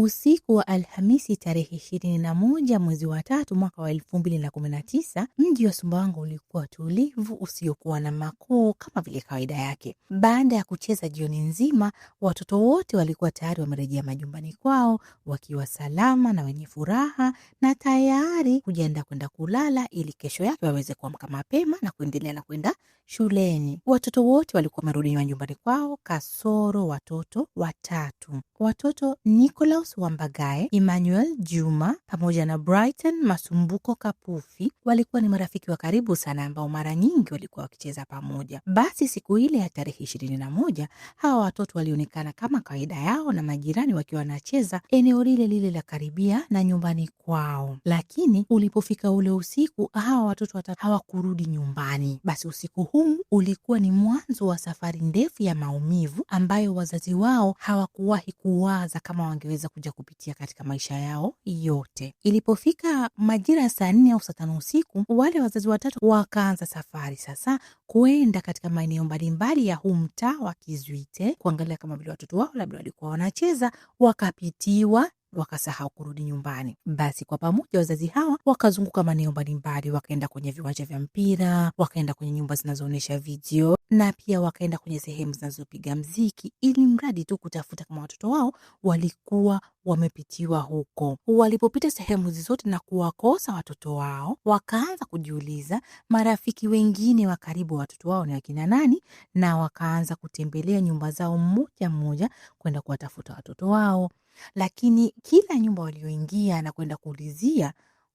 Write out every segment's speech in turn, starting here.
Usiku wa Alhamisi tarehe ishirini na moja mwezi wa tatu mwaka wa elfu mbili na kumi na tisa mji wa Sumbawanga ulikuwa tulivu usiokuwa na makuu kama vile kawaida yake. Baada ya kucheza jioni nzima, watoto wote walikuwa tayari wamerejea majumbani kwao wakiwa salama na wenye furaha na tayari kujiandaa kwenda kulala ili kesho yake waweze kuamka mapema na kuendelea na kwenda shuleni. Watoto wote walikuwa wamerudi nyumbani kwao kasoro watoto watatu, watoto Nicolaus Wambagae, Emmanuel Juma pamoja na Brighton Masumbuko Kapufi. Walikuwa ni marafiki wa karibu sana ambao mara nyingi walikuwa wakicheza pamoja. Basi siku ile ya tarehe ishirini na moja hawa watoto walionekana kama kawaida yao na majirani wakiwa wanacheza eneo lile lile la karibia na nyumbani kwao, lakini ulipofika ule usiku hawa watoto watatu hawakurudi nyumbani. Basi usiku huu huu ulikuwa ni mwanzo wa safari ndefu ya maumivu ambayo wazazi wao hawakuwahi kuwaza kama wangeweza kuja kupitia katika maisha yao yote. Ilipofika majira ya saa nne au saa tano usiku, wale wazazi watatu wakaanza safari sasa kuenda katika maeneo mbalimbali ya huu mtaa wa Kizwite kuangalia kama vile watoto wao labda walikuwa wanacheza wakapitiwa wakasahau kurudi nyumbani. Basi kwa pamoja wazazi hawa wakazunguka maeneo mbalimbali, wakaenda kwenye viwanja vya mpira, wakaenda kwenye nyumba zinazoonyesha video na pia wakaenda kwenye sehemu zinazopiga mziki, ili mradi tu kutafuta kama watoto wao walikuwa wamepitiwa huko. Walipopita sehemu zizote na kuwakosa watoto wao, wakaanza kujiuliza marafiki wengine wa karibu wa watoto wao ni wakina nani, na wakaanza kutembelea nyumba zao mmoja mmoja kwenda kuwatafuta watoto wao. Lakini kila nyumba walioingia na kwenda kuulizia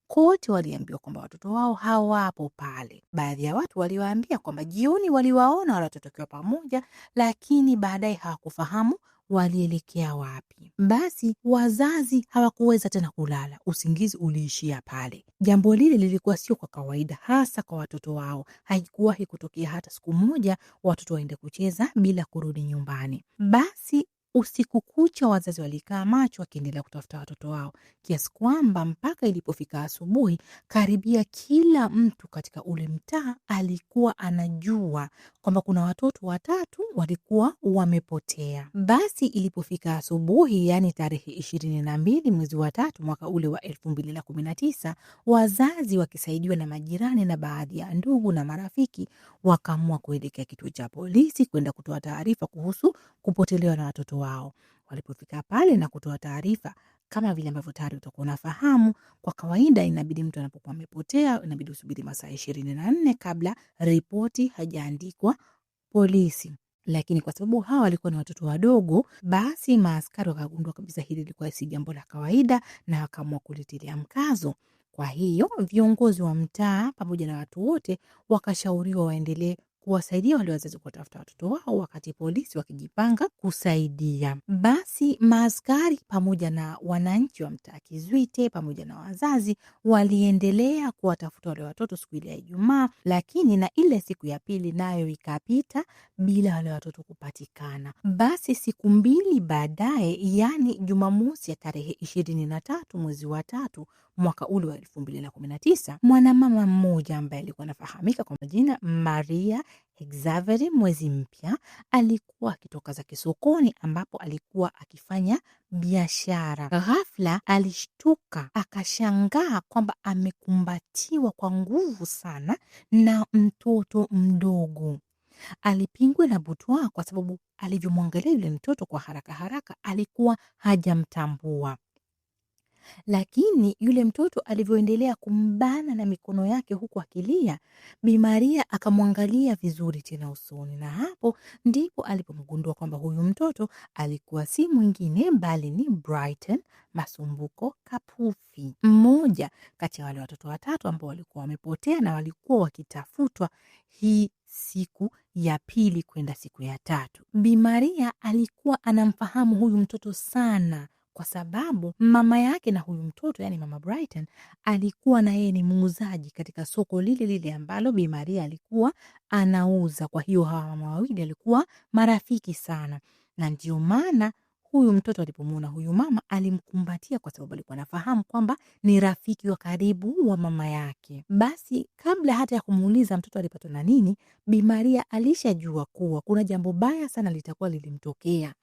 kote waliambiwa kwamba watoto wao hawapo pale. Baadhi ya watu waliwaambia kwamba jioni waliwaona wale watoto wakiwa pamoja, lakini baadaye hawakufahamu walielekea wapi. Basi wazazi hawakuweza tena kulala, usingizi uliishia pale. Jambo lile lilikuwa sio kwa kawaida, hasa kwa watoto wao. Haikuwahi kutokea hata siku moja watoto waende kucheza bila kurudi nyumbani. Basi Usiku kucha wazazi walikaa macho wakiendelea kutafuta watoto wao, kiasi kwamba mpaka ilipofika asubuhi, karibia kila mtu katika ule mtaa alikuwa anajua kwamba kuna watoto watatu walikuwa wamepotea. Basi ilipofika asubuhi, yaani tarehe ishirini na mbili mwezi wa tatu mwaka ule wa elfu mbili na kumi na tisa, wazazi wakisaidiwa na majirani na baadhi ya ndugu na marafiki wakaamua kuelekea kituo cha polisi kwenda kutoa taarifa kuhusu kupotelewa na watoto wao. Walipofika pale na kutoa taarifa kama vile ambavyo tayari utakuwa unafahamu, kwa kawaida inabidi mtu anapokuwa amepotea inabidi usubiri masaa ishirini na nne kabla ripoti hajaandikwa polisi lakini kwa sababu hawa walikuwa ni watoto wadogo, basi maaskari wakagundua kabisa hili lilikuwa si jambo la kawaida, na wakaamua kulitilia mkazo. Kwa hiyo viongozi wa mtaa pamoja na watu wote wakashauriwa waendelee kuwasaidia wale wazazi kuwatafuta watoto wao, wakati polisi wakijipanga kusaidia. Basi maaskari pamoja na wananchi wa mtaa Kizwite pamoja na wazazi waliendelea kuwatafuta wale watoto siku ile ya Ijumaa, lakini na ile siku ya pili nayo ikapita bila wale watoto kupatikana. Basi siku mbili baadaye, yaani Jumamosi ya tarehe ishirini na tatu mwezi wa tatu mwaka ule wa elfu mbili na kumi na tisa mwanamama mmoja ambaye alikuwa anafahamika kwa majina Maria Exaveri Mwezi Mpya alikuwa akitoka za kisokoni ambapo alikuwa akifanya biashara. Ghafla alishtuka akashangaa kwamba amekumbatiwa kwa nguvu sana na mtoto mdogo. Alipingwa na butwa kwa sababu alivyomwangalia yule mtoto kwa haraka haraka alikuwa hajamtambua. Lakini yule mtoto alivyoendelea kumbana na mikono yake huku akilia, Bi Maria akamwangalia vizuri tena usoni, na hapo ndipo alipomgundua kwamba huyu mtoto alikuwa si mwingine bali ni Brighton Masumbuko Kapufi, mmoja kati ya wale watoto watatu ambao walikuwa wamepotea na walikuwa wakitafutwa hii siku ya pili kwenda siku ya tatu. Bi Maria alikuwa anamfahamu huyu mtoto sana, kwa sababu mama yake na huyu mtoto yani mama Brighton alikuwa na yeye ni muuzaji katika soko lile lile ambalo Bi Maria alikuwa anauza. Kwa hiyo hawa mama wawili alikuwa marafiki sana, na ndio maana huyu mtoto alipomwona huyu mama alimkumbatia, kwa sababu alikuwa anafahamu kwamba ni rafiki wa karibu wa mama yake. Basi kabla hata ya kumuuliza mtoto alipatwa na nini, Bi Maria alishajua kuwa kuna jambo baya sana litakuwa lilimtokea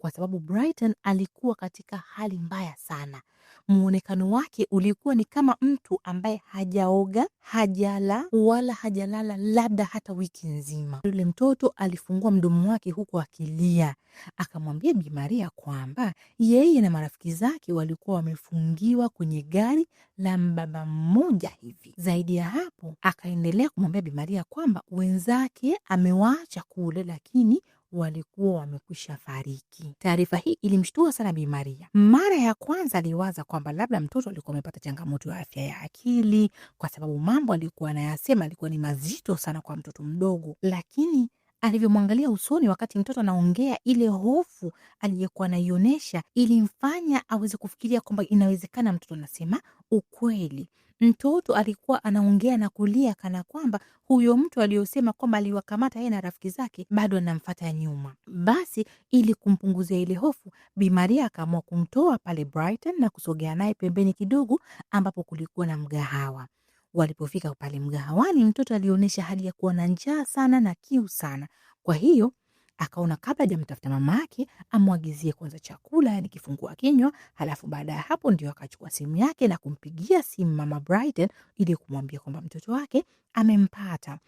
kwa sababu Brighton alikuwa katika hali mbaya sana. Muonekano wake ulikuwa ni kama mtu ambaye hajaoga, hajala wala hajalala labda hata wiki nzima. Yule mtoto alifungua mdomo wake huku akilia, akamwambia Bi Maria kwamba yeye na marafiki zake walikuwa wamefungiwa kwenye gari la mbaba mmoja hivi. Zaidi ya hapo, akaendelea kumwambia Bi Maria kwamba wenzake amewaacha kule, lakini walikuwa wamekwisha fariki. Taarifa hii ilimshtua sana Bi Maria. Mara ya kwanza aliwaza kwamba labda mtoto alikuwa amepata changamoto ya afya ya akili, kwa sababu mambo alikuwa anayasema alikuwa ni mazito sana kwa mtoto mdogo, lakini alivyomwangalia usoni wakati mtoto anaongea, ile hofu aliyekuwa anaionyesha ilimfanya aweze kufikiria kwamba inawezekana mtoto anasema ukweli. Mtoto alikuwa anaongea na kulia kana kwamba huyo mtu aliyosema kwamba aliwakamata yeye na rafiki zake bado anamfata nyuma. Basi ili kumpunguzia ile hofu, Bi Maria akaamua kumtoa pale Brighton na kusogea naye pembeni kidogo, ambapo kulikuwa na mgahawa. Walipofika pale mgahawani, mtoto alionyesha hali ya kuwa na njaa sana na kiu sana, kwa hiyo akaona kabla hajamtafuta mama yake amwagizie kwanza chakula, yani kifungua kinywa, halafu baada ya hapo ndio akachukua simu yake na kumpigia simu mama Brighton ili kumwambia kwamba mtoto wake amempata.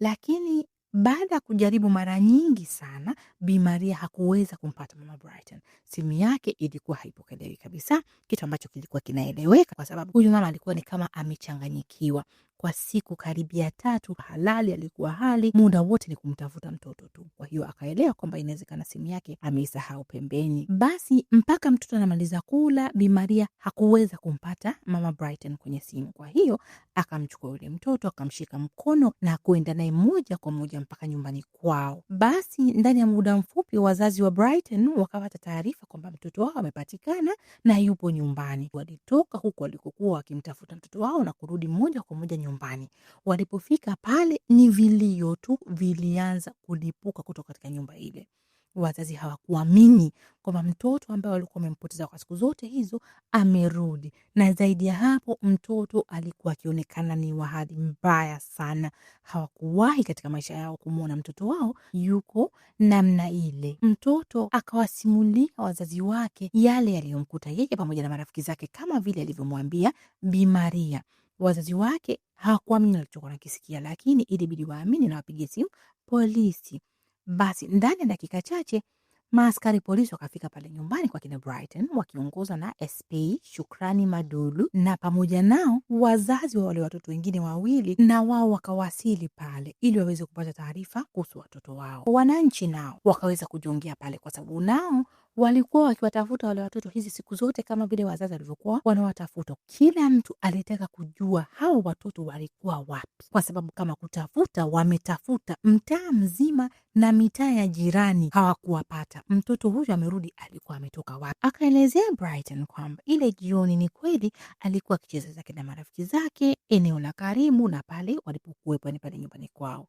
Lakini baada ya kujaribu mara nyingi sana, Bi Maria hakuweza kumpata mama Brighton. Simu yake ilikuwa haipokelewi kabisa, kitu ambacho kilikuwa kinaeleweka kwa sababu huyu mama alikuwa ni kama amechanganyikiwa kwa siku karibia tatu. Halali alikuwa hali muda wote ni kumtafuta mtoto tu, kwa hiyo akaelewa kwamba inawezekana simu yake ameisahau pembeni. Basi mpaka mtoto anamaliza kula, Bi Maria hakuweza kumpata mama Brighton kwenye simu, kwa hiyo akamchukua yule mtoto akamshika mkono na kuenda naye moja kwa moja mpaka nyumbani kwao. Basi ndani ya muda mfupi wazazi wa Brighton wakapata taarifa kwamba mtoto wao amepatikana na yupo nyumbani. Walitoka huku walikokuwa wakimtafuta mtoto wao na kurudi moja kwa moja nyumbani. Walipofika pale, ni vilio tu vilianza kulipuka kutoka katika nyumba ile. Wazazi hawakuamini kwamba mtoto ambaye walikuwa wamempoteza kwa siku zote hizo amerudi, na zaidi ya hapo, mtoto alikuwa akionekana ni wa hali mbaya sana. Hawakuwahi katika maisha yao kumwona mtoto wao yuko namna ile. Mtoto akawasimulia wazazi wake yale yaliyomkuta yeye pamoja na marafiki zake, kama vile alivyomwambia Bi Maria. Wazazi wake hawakuamini walichokuwa nakisikia, lakini ilibidi waamini na wapige simu polisi. Basi ndani ya dakika chache maaskari polisi wakafika pale nyumbani kwa kina Brighton wakiongozwa na SP Shukrani Madulu na pamoja nao wazazi wa wale watoto wengine wawili, na wao wakawasili pale ili waweze kupata taarifa kuhusu watoto wao. Wananchi nao wakaweza kujiongea pale, kwa sababu nao walikuwa wakiwatafuta wale watoto hizi siku zote kama vile wazazi walivyokuwa wanawatafuta. Kila mtu alitaka kujua hawa watoto walikuwa wapi, kwa sababu kama kutafuta, wametafuta mtaa mzima na mitaa ya jirani hawakuwapata. Mtoto huyu amerudi, alikuwa ametoka wapi? Akaelezea Brighton kwamba ile jioni, ni kweli alikuwa akicheza zake na marafiki zake eneo la Karimu na pale walipokuwepo, ni yaani pale nyumbani kwao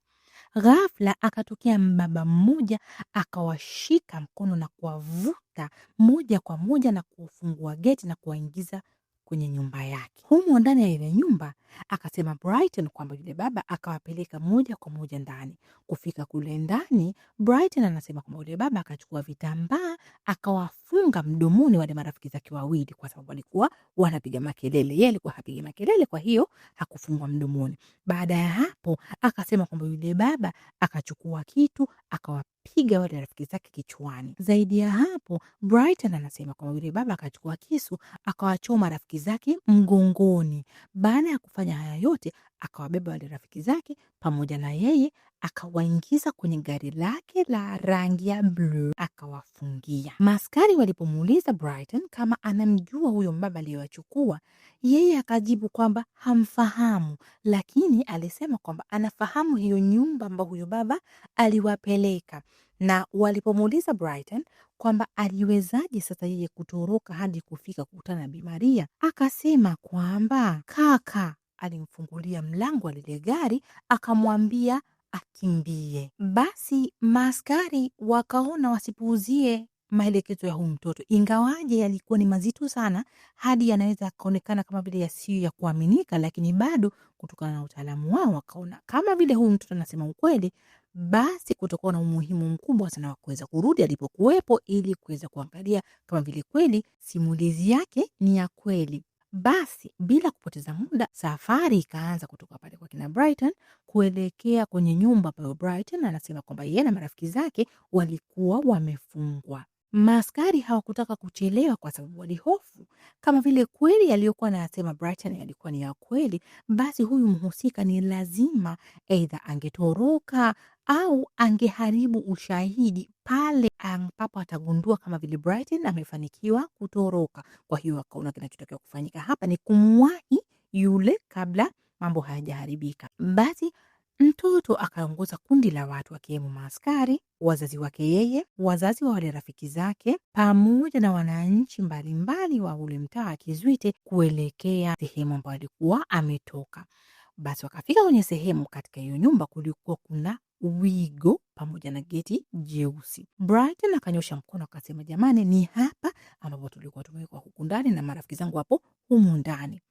Ghafla akatokea mbaba mmoja akawashika mkono na kuwavuta moja kwa moja na kuwafungua geti na kuwaingiza kwenye nyumba yake. Humo ndani ya ile nyumba akasema Brighton kwamba yule baba akawapeleka moja kwa moja ndani. Kufika kule ndani, Brighton anasema kwamba yule baba akachukua vitambaa akawafunga mdomoni wale marafiki zake wawili, kwa sababu walikuwa wanapiga makelele. ye alikuwa hapigi makelele, kwa hiyo hakufungwa mdomoni. Baada ya hapo, akasema kwamba yule baba akachukua kitu akawa kuwapiga wale rafiki zake kichwani. Zaidi ya hapo, Brighton anasema kwamba yule baba akachukua kisu akawachoma rafiki zake mgongoni. Baada ya kufanya haya yote, akawabeba wale rafiki zake pamoja na yeye, akawaingiza kwenye gari lake la rangi ya bluu akawafungia. maskari walipomuuliza Brighton kama anamjua huyo mbaba aliyowachukua, yeye akajibu kwamba hamfahamu, lakini alisema kwamba anafahamu hiyo nyumba ambao huyo baba aliwapeleka. Na walipomuuliza Brighton kwamba aliwezaje sasa yeye kutoroka hadi kufika kukutana na Bi Maria, akasema kwamba kaka alimfungulia mlango wa lile gari akamwambia akimbie. Basi maaskari wakaona wasipuuzie maelekezo ya huu mtoto, ingawaje yalikuwa ni mazito sana, hadi yanaweza akaonekana kama vile yasiyo ya kuaminika, lakini bado kutokana na utaalamu wao wakaona kama vile huu mtoto anasema ukweli, basi kutokuwa na umuhimu mkubwa sana wa kuweza kurudi alipokuwepo ili kuweza kuangalia kama vile kweli simulizi yake ni ya kweli. Basi bila kupoteza muda, safari ikaanza kutoka pale kwa kina Brighton kuelekea kwenye nyumba ambayo Brighton anasema kwamba yeye na marafiki zake walikuwa wamefungwa. Maaskari hawakutaka kuchelewa kwa sababu walihofu kama vile kweli aliyokuwa anasema Brighton yalikuwa ni ya kweli, basi huyu mhusika ni lazima, eidha angetoroka au angeharibu ushahidi pale ambapo atagundua kama vile Brighton amefanikiwa kutoroka. Kwa hiyo akaona kinachotakiwa kufanyika hapa ni kumwahi yule kabla mambo hayajaharibika. Basi mtoto akaongoza kundi la watu akiwemo maaskari, wazazi wake yeye, wazazi wa wale rafiki zake, pamoja na wananchi mbalimbali wa ule mtaa akizwite kuelekea sehemu ambayo alikuwa ametoka. Basi wakafika kwenye sehemu, katika hiyo nyumba kulikuwa kuna wigo pamoja na geti jeusi. Brighton akanyosha mkono akasema, jamani, ni hapa ambapo tulikuwa tumewekwa huku ndani na marafiki zangu hapo humu ndani.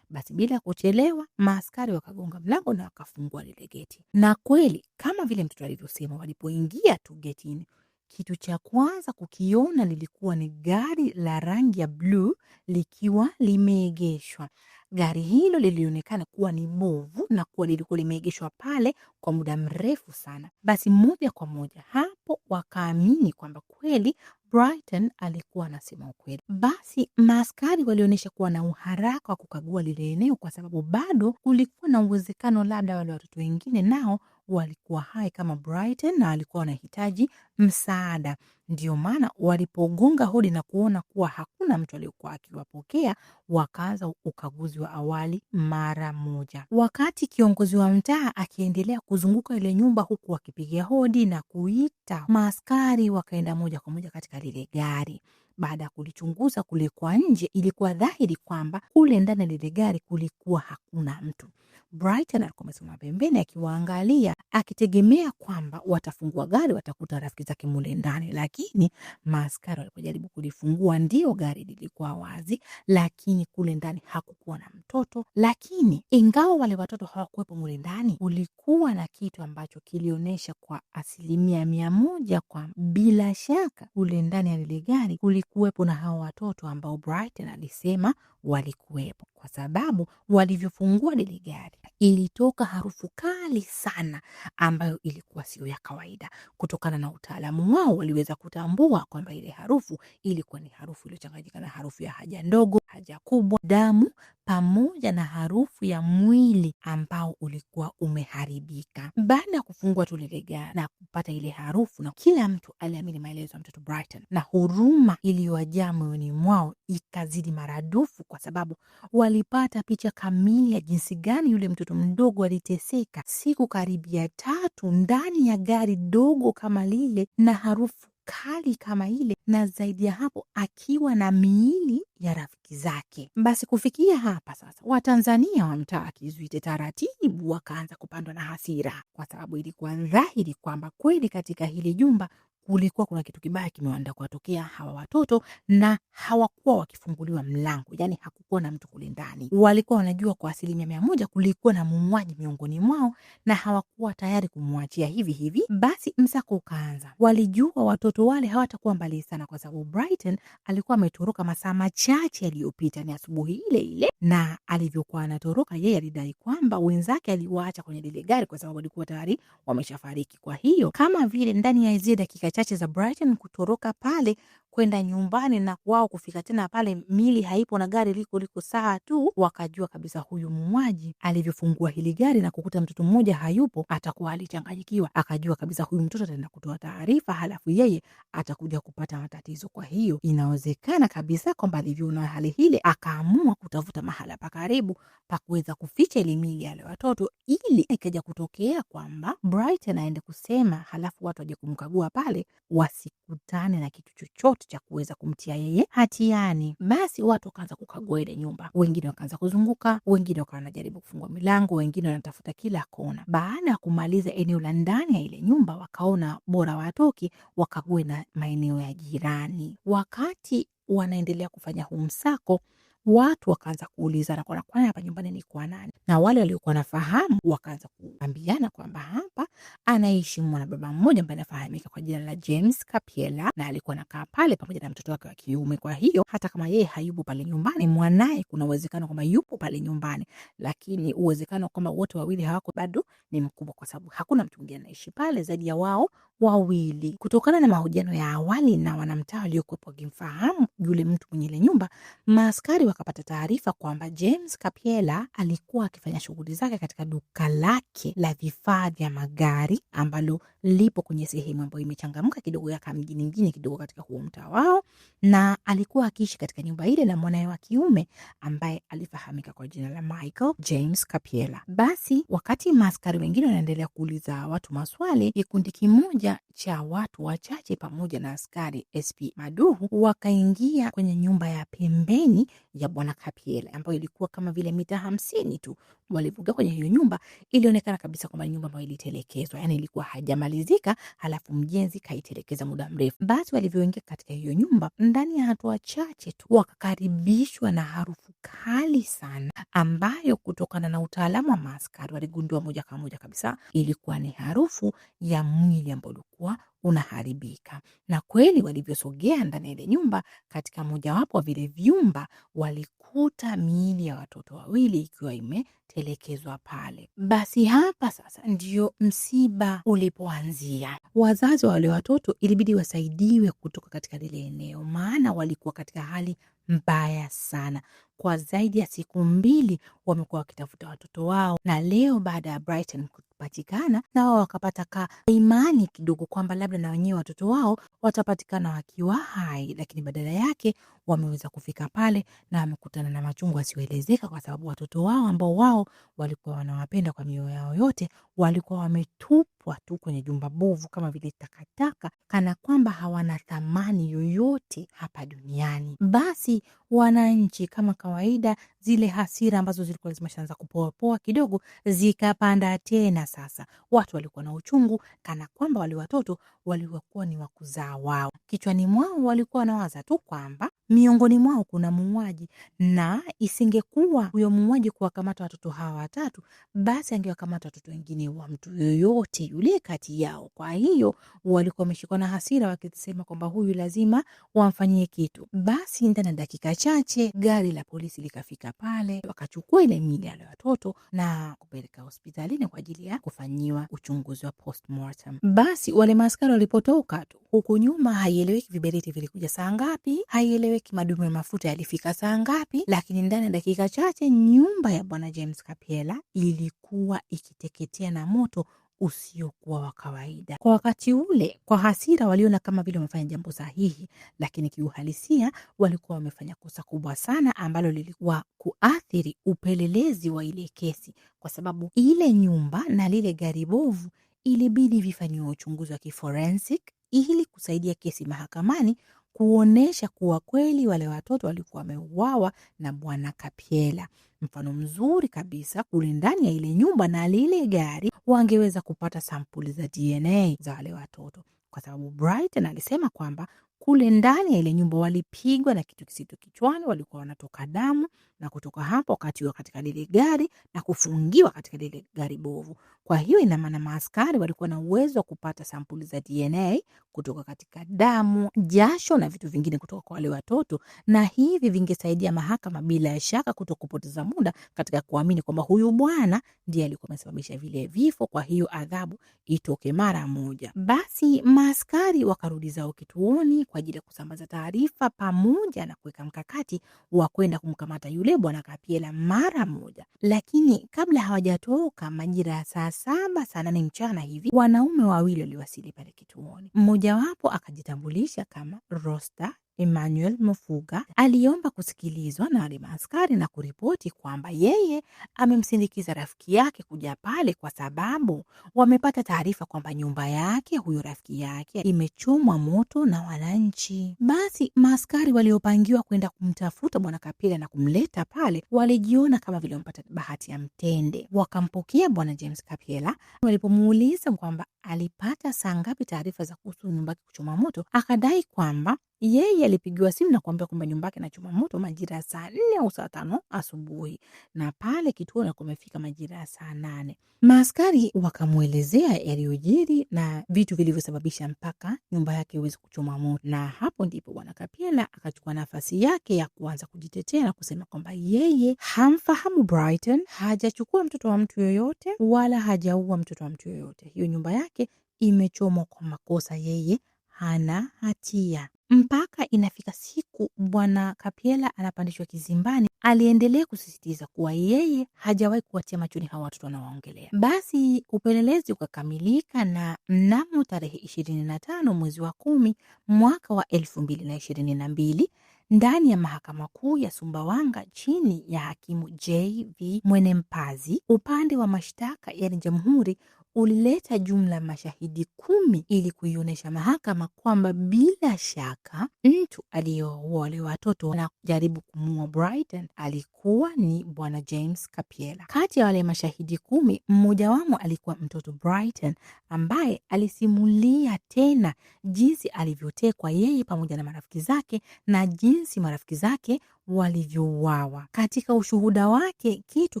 Basi bila kuchelewa, maaskari wakagonga mlango na wakafungua lile geti, na kweli kama vile mtoto alivyosema, walipoingia tu getini kitu cha kwanza kukiona lilikuwa ni gari la rangi ya bluu likiwa limeegeshwa. Gari hilo lilionekana kuwa ni bovu na kuwa lilikuwa limeegeshwa pale kwa muda mrefu sana. Basi moja kwa moja hapo wakaamini kwamba kweli Brighton alikuwa anasema ukweli. Basi maaskari walionyesha kuwa na uharaka wa kukagua lile eneo, kwa sababu bado kulikuwa na uwezekano labda wale watoto wengine nao walikuwa hai kama Brighton na walikuwa wanahitaji msaada. Ndio maana walipogonga hodi na kuona kuwa hakuna mtu aliyokuwa akiwapokea, wakaanza ukaguzi wa awali mara moja. Wakati kiongozi wa mtaa akiendelea kuzunguka ile nyumba huku wakipiga hodi na kuita maaskari, wakaenda moja kwa moja katika lile gari. Baada ya kulichunguza kule kwa nje, ilikuwa dhahiri kwamba kule ndani ya lile gari kulikuwa hakuna mtu. Brighton alikuwa amesimama pembeni akiwaangalia, akitegemea kwamba watafungua gari watakuta rafiki zake mule ndani, lakini maaskari walipojaribu kulifungua, ndio gari lilikuwa wazi, lakini kule ndani hakukuwa na mtoto. Lakini ingawa wale watoto hawakuwepo mule ndani, kulikuwa na kitu ambacho kilionyesha kwa asilimia mia moja kwa bila shaka kule ndani ya lile gari kulikuwepo na hawa watoto ambao Brighton alisema walikuwepo, kwa sababu walivyofungua lile gari ilitoka harufu kali sana ambayo ilikuwa sio ya kawaida. Kutokana na utaalamu wao, waliweza kutambua kwamba ile harufu ilikuwa ni harufu iliyochanganyika na harufu ya haja ndogo, haja kubwa, damu pamoja na harufu ya mwili ambao ulikuwa umeharibika. Baada ya kufungua tulilegana na kupata ile harufu, na kila mtu aliamini maelezo ya mtoto Brighton, na huruma iliyojaa moyoni mwao ikazidi maradufu, kwa sababu walipata picha kamili ya jinsi gani yule mtoto mdogo aliteseka siku karibia tatu ndani ya gari dogo kama lile na harufu kali kama ile, na zaidi ya hapo akiwa na miili ya rafiki zake. Basi kufikia hapa sasa, Watanzania wa mtaa Kizwite taratibu wakaanza kupandwa na hasira, kwa sababu ilikuwa dhahiri kwamba kweli katika hili jumba kulikuwa kuna kitu kibaya kimeenda kuwatokea hawa watoto, na hawakuwa wakifunguliwa mlango, yani hakukuwa na mtu kule ndani. Walikuwa wanajua kwa asilimia mia moja kulikuwa na muuaji miongoni mwao, na hawakuwa tayari kumwachia hivi hivi. Basi msako ukaanza. Walijua watoto wale hawatakuwa mbali sana, kwa sababu Brighton alikuwa ametoroka masaa machache yaliyopita, ni asubuhi ile ile. Na alivyokuwa anatoroka, yeye alidai kwamba wenzake aliwaacha kwenye lile gari, kwa sababu walikuwa tayari wameshafariki. Kwa hiyo kama vile ndani ya zile dakika chache za Brighton kutoroka pale kwenda nyumbani na wao kufika tena pale mili haipo na gari liko liko saa tu, wakajua kabisa huyu mumwaji alivyofungua hili gari na kukuta mtoto mmoja hayupo, atakuwa alichanganyikiwa, akajua kabisa huyu mtoto ataenda kutoa taarifa, halafu yeye atakuja kupata matatizo. Kwa hiyo inawezekana kabisa kwamba alivyoona hali hile akaamua kutafuta mahala pa karibu pa kuweza kuficha ile mili yale watoto, ili ikaja kutokea kwamba Bright anaenda kusema, halafu watu waje kumkagua pale, wasikutane na kitu chochote chochote cha kuweza kumtia yeye hatiani. Basi watu wakaanza kukagua ile nyumba, wengine wakaanza kuzunguka, wengine wakawa wanajaribu kufungua milango, wengine wanatafuta kila kona. Baada ya kumaliza eneo la ndani ya ile nyumba, wakaona bora watoki wakague na maeneo ya jirani. Wakati wanaendelea kufanya huu msako Watu wakaanza kuulizana kwa kwani hapa nyumbani ni kwa nani, na wale waliokuwa nafahamu wakaanza kuambiana kwamba hapa anaishi mwana baba mmoja ambaye anafahamika kwa jina la James Kapiela, na alikuwa nakaa pale pamoja na mtoto wake wa kiume. Kwa hiyo hata kama yeye hayupo pale nyumbani, mwanaye kuna uwezekano kwamba yupo pale nyumbani, lakini uwezekano kwamba wote wawili hawako bado ni mkubwa, kwa sababu hakuna mtu mwingine anaishi pale zaidi ya wao wawili. Kutokana na mahojiano ya awali na wanamtaa waliokuwepo wakimfahamu yule mtu mwenye ile nyumba, maaskari wakapata taarifa kwamba James Kapiela alikuwa akifanya shughuli zake katika duka lake la vifaa vya magari ambalo lipo kwenye sehemu ambayo imechangamka kidogo yaka mjini mjini kidogo katika huo mtaa wao, na alikuwa akiishi katika nyumba ile na mwanaye wa kiume ambaye alifahamika kwa jina la Michael James Kapiela. Basi wakati maaskari wengine wanaendelea kuuliza watu maswali, kikundi kimoja kimoja cha watu wachache pamoja na askari SP Maduhu wakaingia kwenye nyumba ya pembeni ya bwana Kapiela ambayo ilikuwa kama vile mita hamsini tu. Walivuka kwenye hiyo nyumba, ilionekana kabisa kwamba nyumba ambayo ilitelekezwa, yani ilikuwa hajamalizika, halafu mjenzi kaitelekeza muda mrefu. Basi walivyoingia katika hiyo nyumba, ndani ya hatua chache tu wakakaribishwa na harufu kali sana, ambayo kutokana na utaalamu wa maaskari waligundua moja kwa moja kabisa ilikuwa ni harufu ya mwili ambao ulikuwa unaharibika. Na kweli walivyosogea ndani ya ile nyumba, katika mojawapo wa vile vyumba walikuta miili ya watoto wawili ikiwa imetelekezwa pale. Basi hapa sasa ndio msiba ulipoanzia. Wazazi wa wale watoto ilibidi wasaidiwe kutoka katika lile eneo, maana walikuwa katika hali mbaya sana. Kwa zaidi ya siku mbili wamekuwa wakitafuta watoto wao, na leo baada ya Brighton kupatikana, na wao wakapata ka imani kidogo kwamba labda na wenyewe watoto wao watapatikana wakiwa hai, lakini badala yake wameweza kufika pale na wamekutana na machungu asioelezeka kwa sababu watoto wao ambao wao walikuwa wanawapenda kwa mioyo yao yote walikuwa wametupwa tu kwenye jumba bovu kama vile takataka, kana kwamba hawana thamani yoyote hapa duniani. Basi wananchi, kama kawaida, zile hasira ambazo zilikuwa zimeshaanza kupoapoa kidogo zikapanda tena. Sasa watu walikuwa na uchungu, kana kwamba wale watoto waliwakuwa ni wakuzaa wao. Kichwani mwao walikuwa wanawaza tu kwamba miongoni mwao kuna muuaji, na isingekuwa huyo muuaji kuwakamata watoto hawa watatu, basi angewakamata watoto wengine wa mtu yoyote yule kati yao. Kwa hiyo walikuwa wameshikwa na hasira, wakisema kwamba huyu lazima wamfanyie kitu. Basi ndani ya dakika chache gari la polisi likafika pale, wakachukua ile miili ya watoto na kupeleka hospitalini kwa ajili ya kufanyiwa uchunguzi wa postmortem. Basi wale maaskari walipotoka tu, huku nyuma haieleweki viberiti vilikuja saa ngapi, haieleweki madumu ya mafuta yalifika saa ngapi, lakini ndani ya dakika chache nyumba ya bwana James Kapiela ilikuwa ikiteketea na moto usiokuwa wa kawaida. Kwa wakati ule, kwa hasira, waliona kama vile wamefanya jambo sahihi, lakini kiuhalisia walikuwa wamefanya kosa kubwa sana ambalo lilikuwa kuathiri upelelezi wa ile kesi, kwa sababu ile nyumba na lile gari bovu ilibidi vifanyiwe uchunguzi wa kiforensic ili kusaidia kesi mahakamani kuonesha kuwa kweli wale watoto walikuwa wameuawa na bwana Kapiela. Mfano mzuri kabisa kule ndani ya ile nyumba na lile gari, wangeweza kupata sampuli za DNA za wale watoto, kwa sababu Brighton alisema kwamba kule ndani ya ile nyumba walipigwa na kitu kizito kichwani, walikuwa wanatoka damu, na kutoka hapo wakatiwa katika lile gari na kufungiwa katika lile gari bovu. Kwa hiyo ina maana maaskari walikuwa na uwezo wa kupata sampuli za DNA kutoka katika damu, jasho na vitu vingine kutoka kwa wale watoto, na hivi vingesaidia mahakama bila ya shaka kuto kupoteza muda katika kuamini kwamba huyu bwana ndiye alikuwa amesababisha vile vifo, kwa hiyo adhabu itoke mara moja. Basi maaskari wakarudi zao kituoni kwa ajili ya kusambaza taarifa pamoja na kuweka mkakati wa kwenda kumkamata yule bwana Kapiela mara moja. Lakini kabla hawajatoka, majira ya saa saba saa nane mchana hivi, wanaume wawili waliwasili pale kituoni. Mmojawapo akajitambulisha kama Rosta Emmanuel Mfuga aliomba kusikilizwa na wale maaskari na kuripoti kwamba yeye amemsindikiza rafiki yake kuja pale kwa sababu wamepata taarifa kwamba nyumba yake huyo rafiki yake imechomwa moto na wananchi. Basi maaskari waliopangiwa kwenda kumtafuta Bwana Kapila na kumleta pale walijiona kama vile wamepata bahati ya mtende, wakampokea Bwana James Kapila walipomuuliza kwamba alipata saa ngapi taarifa za kuhusu nyumba yake kuchoma moto, akadai kwamba yeye alipigiwa simu na kuambia kwamba nyumba yake inachoma moto majira ya saa nne au saa tano asubuhi, na pale kituo na kumefika majira ya saa nane. Maaskari wakamwelezea yaliyojiri na vitu vilivyosababisha mpaka nyumba yake iweze kuchoma moto, na hapo ndipo Bwana Kapiela akachukua nafasi yake ya kuanza kujitetea na kusema kwamba yeye hamfahamu Brighton, hajachukua mtoto wa mtu yoyote wala hajaua mtoto wa mtu yoyote, hiyo nyumba yake yake imechomwa kwa makosa yeye hana hatia. Mpaka inafika siku bwana Kapiela anapandishwa kizimbani, aliendelea kusisitiza kuwa yeye hajawahi kuwatia machoni hawa watoto wanawaongelea. Basi upelelezi ukakamilika na mnamo tarehe ishirini na tano mwezi wa kumi mwaka wa elfu mbili na ishirini na mbili ndani ya mahakama kuu ya Sumbawanga chini ya hakimu JV Mwenempazi, upande wa mashtaka yani jamhuri ulileta jumla ya mashahidi kumi ili kuionyesha mahakama kwamba bila shaka mtu aliyewaua wale watoto na kujaribu kumua Brighton alikuwa ni bwana James Kapiela. Kati ya wale mashahidi kumi, mmoja wamo alikuwa mtoto Brighton ambaye alisimulia tena jinsi alivyotekwa yeye pamoja na marafiki zake na jinsi marafiki zake walivyouawa. Katika ushuhuda wake, kitu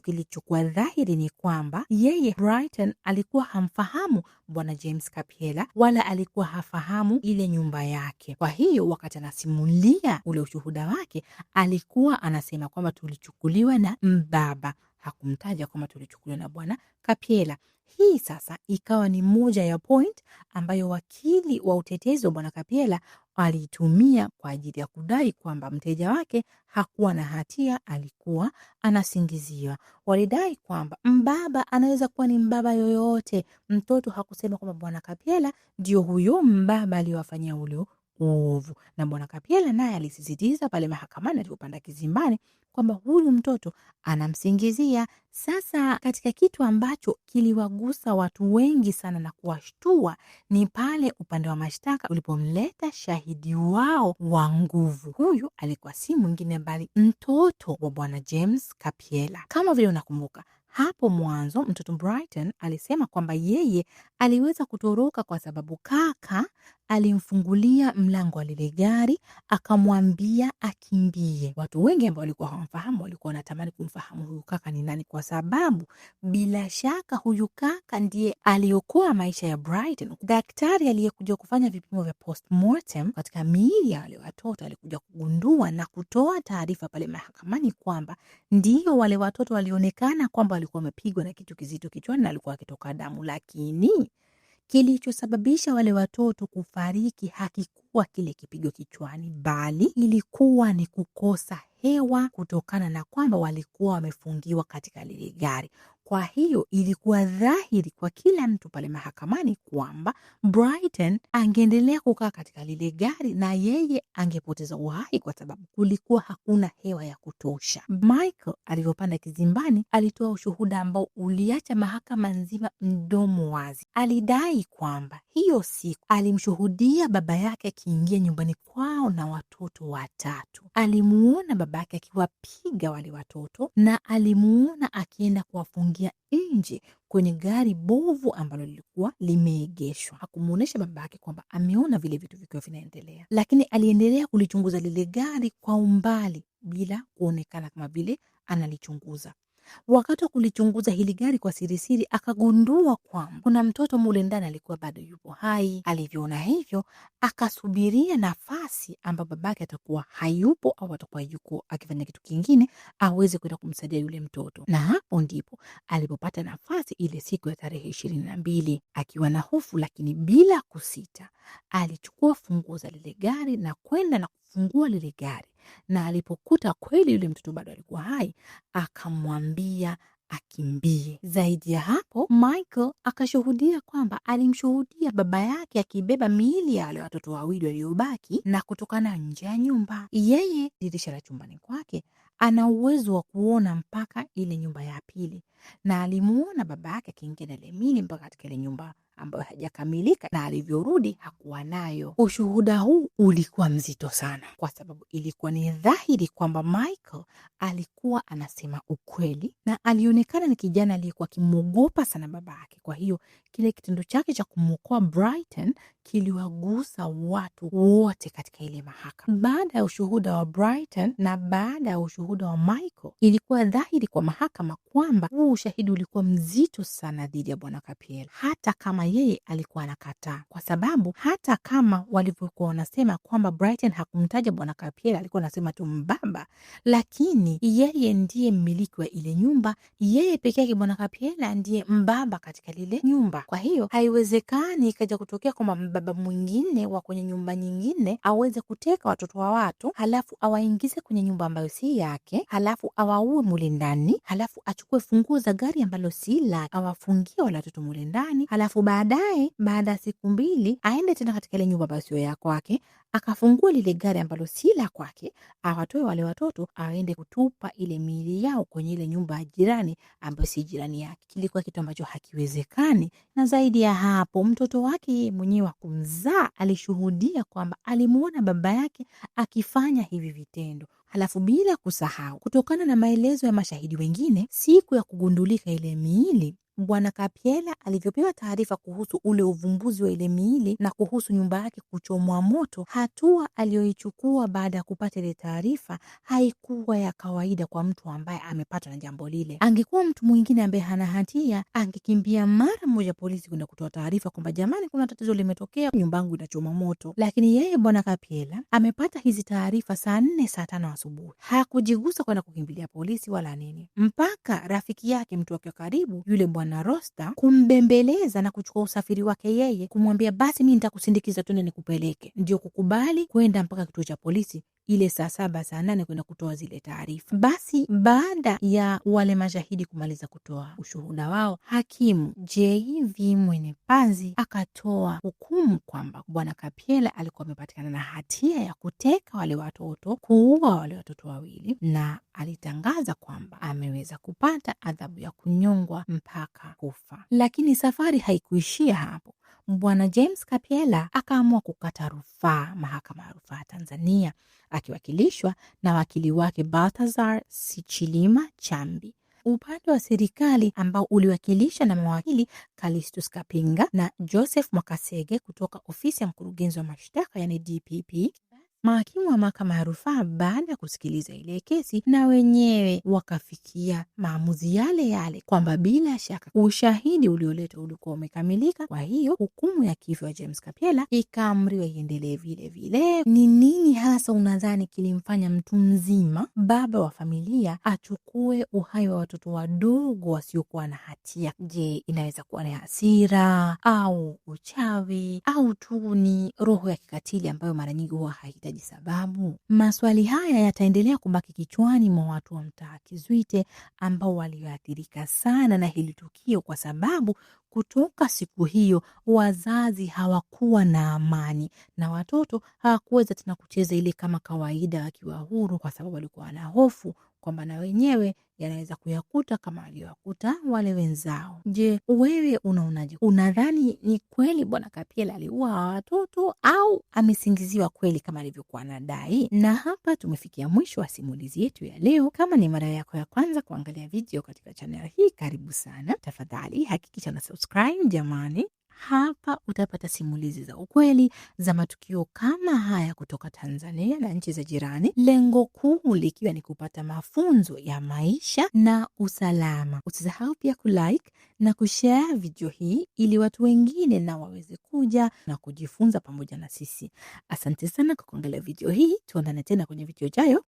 kilichokuwa dhahiri ni kwamba yeye Brighton alikuwa hamfahamu Bwana James Kapiela wala alikuwa hafahamu ile nyumba yake. Kwa hiyo wakati anasimulia ule ushuhuda wake, alikuwa anasema kwamba tulichukuliwa na mbaba hakumtaja kwamba tulichukuliwa na bwana Kapiela. Hii sasa ikawa ni moja ya point ambayo wakili wa utetezi wa bwana Kapiela aliitumia kwa ajili ya kudai kwamba mteja wake hakuwa na hatia, alikuwa anasingiziwa. Walidai kwamba mbaba anaweza kuwa ni mbaba yoyote, mtoto hakusema kwamba bwana Kapiela ndio huyo mbaba aliyowafanyia ule uovu. Na bwana Kapiela naye alisisitiza pale mahakamani alipopanda kizimbani kwamba huyu mtoto anamsingizia. Sasa katika kitu ambacho kiliwagusa watu wengi sana na kuwashtua ni pale upande wa mashtaka ulipomleta shahidi wao wa nguvu. Huyu alikuwa si mwingine bali mtoto wa bwana James Kapiela. Kama vile unakumbuka hapo mwanzo, mtoto Brighton alisema kwamba yeye aliweza kutoroka kwa sababu kaka alimfungulia mlango wa lile gari akamwambia akimbie. Watu wengi ambao walikuwa hawamfahamu walikuwa wanatamani kumfahamu huyu kaka ni nani, kwa sababu bila shaka huyu kaka ndiye aliokoa maisha ya Brighton. Daktari aliyekuja kufanya vipimo vya postmortem katika miili ya wale watoto alikuja kugundua na kutoa taarifa pale mahakamani kwamba ndio wale watoto walionekana kwamba walikuwa wamepigwa na kitu kizito kichwani na alikuwa akitoka damu, lakini Kilichosababisha wale watoto kufariki hakikuwa kile kipigo kichwani, bali ilikuwa ni kukosa hewa, kutokana na kwamba walikuwa wamefungiwa katika lile gari. Kwa hiyo ilikuwa dhahiri kwa kila mtu pale mahakamani kwamba Brighton angeendelea kukaa katika lile gari na yeye angepoteza uhai, kwa sababu kulikuwa hakuna hewa ya kutosha. Michael alivyopanda kizimbani, alitoa ushuhuda ambao uliacha mahakama nzima mdomo wazi. Alidai kwamba hiyo siku alimshuhudia baba yake akiingia nyumbani kwao na watoto watatu. Alimuona baba yake akiwapiga wale watoto na alimuona akienda kuwafungia akaingia nje kwenye gari bovu ambalo lilikuwa limeegeshwa. Hakumwonyesha baba yake kwamba ameona vile vitu vikiwa vinaendelea, lakini aliendelea kulichunguza lile gari kwa umbali bila kuonekana kama vile analichunguza. Wakati wa kulichunguza hili gari kwa sirisiri, akagundua kwamba kuna mtoto mule ndani alikuwa bado yupo hai. Alivyoona hivyo, akasubiria nafasi ambayo babake atakuwa hayupo au atakuwa yuko akifanya kitu kingine, aweze kwenda kumsaidia yule mtoto. Na hapo ndipo alipopata nafasi ile siku ya tarehe ishirini na mbili. Akiwa na hofu lakini bila kusita, alichukua funguo za lile gari na kwenda na akafungua lile gari, na alipokuta kweli yule mtoto bado alikuwa hai, akamwambia akimbie. Zaidi ya hapo, Michael akashuhudia kwamba alimshuhudia baba yake akibeba miili ya wale watoto wawili waliobaki na kutokana nje ya nyumba. Yeye dirisha la chumbani kwake ana uwezo wa kuona mpaka ile nyumba ya pili, na alimuona baba yake akiingia na ile miili mpaka katika ile nyumba ambayo hajakamilika na alivyorudi hakuwa nayo. Ushuhuda huu ulikuwa mzito sana, kwa sababu ilikuwa ni dhahiri kwamba Michael alikuwa anasema ukweli, na alionekana ni kijana aliyekuwa akimwogopa sana baba yake. Kwa hiyo kile kitendo chake cha kumwokoa Brighton kiliwagusa watu wote katika ile mahakama. Baada ya ushuhuda wa Brighton na baada ya ushuhuda wa Michael, ilikuwa dhahiri kwa mahakama kwamba huu ushahidi ulikuwa mzito sana dhidi ya bwana Kapiel, hata kama kama yeye alikuwa anakataa, kwa sababu hata kama walivyokuwa wanasema kwamba Brighton hakumtaja bwana Kapiela, alikuwa anasema tu mbaba, lakini yeye ndiye mmiliki wa ile nyumba, yeye peke yake bwana Kapiela ndiye mbaba katika lile nyumba. Kwa hiyo haiwezekani ikaja kutokea kwamba mbaba mwingine wa kwenye nyumba nyingine aweze kuteka watoto wa watu halafu awaingize kwenye nyumba ambayo si yake, halafu awaue mule ndani, halafu achukue funguo za gari ambalo si lake, awafungie wale watoto mule ndani halafu Baadaye, baada ya siku mbili, aende tena katika ile nyumba ambayo sio ya kwake, akafungua lile gari ambalo si la kwake, awatoe wale watoto, aende kutupa ile miili yao kwenye ile nyumba ya jirani ambayo si jirani yake. Kilikuwa kitu ambacho hakiwezekani, na zaidi ya hapo, mtoto wake yeye mwenyewe wa kumzaa alishuhudia kwamba alimwona baba yake akifanya hivi vitendo. Halafu bila kusahau, kutokana na maelezo ya mashahidi wengine, siku ya kugundulika ile miili Bwana Kapiela alivyopewa taarifa kuhusu ule uvumbuzi wa ile miili na kuhusu nyumba yake kuchomwa moto, hatua aliyoichukua baada ya kupata ile taarifa haikuwa ya kawaida kwa mtu ambaye amepatwa na jambo lile. Angekuwa mtu mwingine ambaye hana hatia, angekimbia mara moja polisi kwenda kutoa taarifa kwamba jamani, kuna tatizo limetokea, nyumba yangu inachoma moto. Lakini yeye Bwana Kapiela amepata hizi taarifa saa nne, saa tano asubuhi. Hakujigusa kwenda kukimbilia polisi wala nini, mpaka rafiki yake, mtu wake wa karibu, yule bwana Bwana Rosta kumbembeleza na kuchukua usafiri wake yeye, kumwambia basi mi nitakusindikiza tuende nikupeleke, ndio kukubali kwenda mpaka kituo cha polisi ile saa saba saa nane kwenda kutoa zile taarifa. Basi baada ya wale mashahidi kumaliza kutoa ushuhuda wao, hakimu JV panzi akatoa hukumu kwamba bwana Kapiela alikuwa amepatikana na hatia ya kuteka wale watoto, kuua wale watoto wawili, na alitangaza kwamba ameweza kupata adhabu ya kunyongwa mpaka kufa. Lakini safari haikuishia hapo. Bwana James kapiela akaamua kukata rufaa mahakama ya rufaa ya Tanzania akiwakilishwa na wakili wake Balthazar Sichilima Chambi. Upande wa serikali ambao uliwakilisha na mawakili kalistus Kapinga na Joseph Mwakasege kutoka ofisi ya mkurugenzi wa mashtaka yani DPP Mahakimu wa mahakama ya rufaa baada ya kusikiliza ile kesi, na wenyewe wakafikia maamuzi yale yale kwamba bila shaka ushahidi ulioletwa ulikuwa umekamilika. Kwa hiyo hukumu ya kifo ya James kapela ikaamriwa iendelee vile vile. Ni nini hasa unadhani kilimfanya mtu mzima, baba wa familia, achukue uhai wa watoto wadogo wasiokuwa na hatia? Je, inaweza kuwa ni hasira au uchawi au tu ni roho ya kikatili ambayo mara nyingi huwa haita sababu Maswali haya yataendelea kubaki kichwani mwa watu wa mtaa Kizwite ambao walioathirika sana na hili tukio, kwa sababu kutoka siku hiyo wazazi hawakuwa na amani na watoto hawakuweza tena kucheza ile kama kawaida wakiwa huru, kwa sababu walikuwa na hofu kwamba na wenyewe yanaweza kuyakuta kama waliowakuta wale wenzao. Je, wewe unaonaje? Unadhani ni kweli Bwana Kapiela aliua watoto au amesingiziwa kweli kama alivyokuwa anadai? Na hapa tumefikia mwisho wa simulizi yetu ya leo. Kama ni mara yako ya kwanza kuangalia video katika chanel hii, karibu sana. Tafadhali hakikisha una subscribe jamani, hapa utapata simulizi za ukweli za matukio kama haya kutoka Tanzania na nchi za jirani, lengo kuu likiwa ni kupata mafunzo ya maisha na usalama. Usisahau pia kulike na kushare video hii ili watu wengine na waweze kuja na kujifunza pamoja na sisi. Asante sana kwa kuangalia video hii, tuonane tena kwenye video jayo